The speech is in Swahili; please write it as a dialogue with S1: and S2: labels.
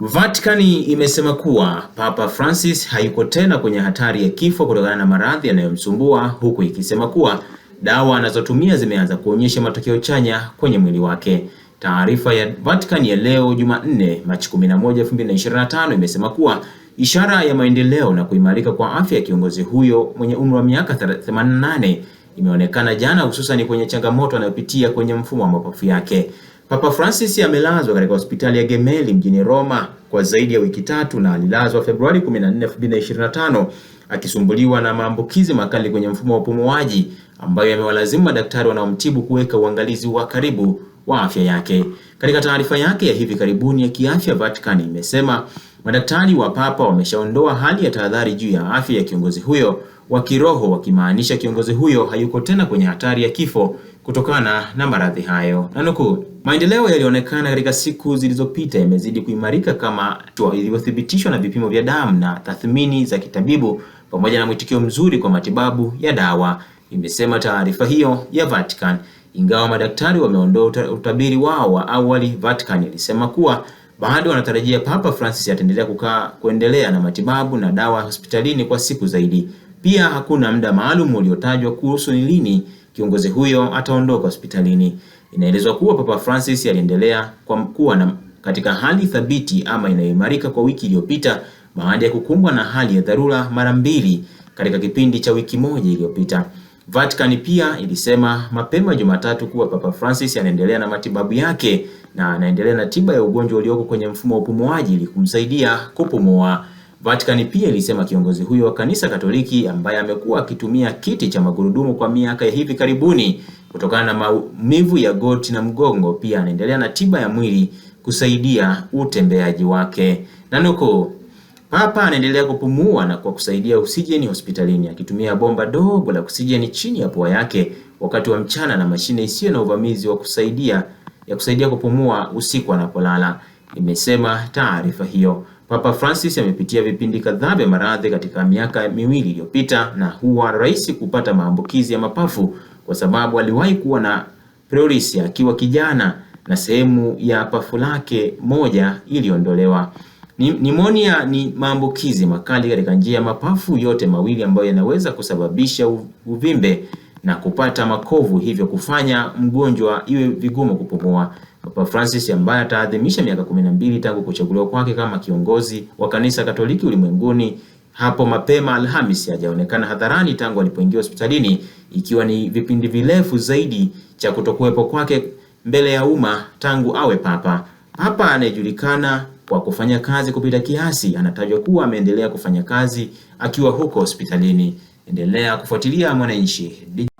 S1: Vatikani imesema kuwa Papa Francis hayuko tena kwenye hatari ya kifo kutokana na maradhi yanayomsumbua huku ikisema kuwa dawa anazotumia zimeanza kuonyesha matokeo chanya kwenye mwili wake. Taarifa ya Vatican ya leo Jumanne, Machi 11, 2025 imesema kuwa ishara ya maendeleo na kuimarika kwa afya ya kiongozi huyo mwenye umri wa miaka 88 imeonekana jana, hususan kwenye changamoto anayopitia kwenye mfumo wa mapafu yake. Papa Francis amelazwa katika hospitali ya Gemelli mjini Roma kwa zaidi ya wiki tatu na alilazwa Februari 14, 2025 akisumbuliwa na maambukizi makali kwenye mfumo wa upumuaji ambayo yamewalazimu madaktari wanaomtibu kuweka uangalizi wa karibu wa afya yake. Katika taarifa yake ya hivi karibuni ya kiafya, Vatican imesema madaktari wa Papa wameshaondoa hali ya tahadhari juu ya afya ya kiongozi huyo wa kiroho, wakimaanisha kiongozi huyo hayuko tena kwenye hatari ya kifo kutokana na maradhi hayo. Nanukuu, Maendeleo yaliyoonekana katika siku zilizopita yamezidi kuimarika kama ilivyothibitishwa na vipimo vya damu na tathmini za kitabibu pamoja na mwitikio mzuri kwa matibabu ya dawa, imesema taarifa hiyo ya Vatican. Ingawa madaktari wameondoa utabiri wao wa awali, Vatican ilisema kuwa bado wanatarajia Papa Francis ataendelea kukaa kuendelea na matibabu na dawa hospitalini kwa siku zaidi. Pia hakuna muda maalum uliotajwa kuhusu ni lini kiongozi huyo ataondoka hospitalini. Inaelezwa kuwa Papa Francis aliendelea kwa kuwa na katika hali thabiti ama inayoimarika kwa wiki iliyopita baada ya kukumbwa na hali ya dharura mara mbili katika kipindi cha wiki moja iliyopita. Vatican pia ilisema mapema Jumatatu kuwa Papa Francis anaendelea na matibabu yake na anaendelea na tiba ya ugonjwa ulioko kwenye mfumo wa upumuaji ili kumsaidia kupumua. Vatican pia ilisema kiongozi huyo wa Kanisa Katoliki ambaye amekuwa akitumia kiti cha magurudumu kwa miaka ya hivi karibuni kutokana na maumivu ya goti na mgongo. Pia anaendelea na tiba ya mwili kusaidia utembeaji wake. nuko Papa anaendelea kupumua na kwa kusaidia oksijeni hospitalini akitumia bomba dogo la oksijeni chini ya pua yake wakati wa mchana na mashine isiyo na uvamizi wa kusaidia ya kusaidia kupumua usiku anapolala, imesema taarifa hiyo. Papa Francis amepitia vipindi kadhaa vya maradhi katika miaka miwili iliyopita na huwa rahisi kupata maambukizi ya mapafu kwa sababu aliwahi kuwa na pleuris akiwa kijana na sehemu ya pafu lake moja iliondolewa. Nimonia ni, ni maambukizi makali katika njia ya mapafu yote mawili ambayo yanaweza kusababisha uvimbe na kupata makovu, hivyo kufanya mgonjwa iwe vigumu kupumua. Papa Francis ambaye ataadhimisha miaka 12 tangu kuchaguliwa kwake kama kiongozi wa kanisa Katoliki ulimwenguni hapo mapema Alhamis hajaonekana hadharani tangu alipoingia hospitalini, ikiwa ni vipindi virefu zaidi cha kutokuwepo kwake mbele ya umma tangu awe papa. Papa anayejulikana kwa kufanya kazi kupita kiasi anatajwa kuwa ameendelea kufanya kazi akiwa huko hospitalini. Endelea kufuatilia Mwananchi.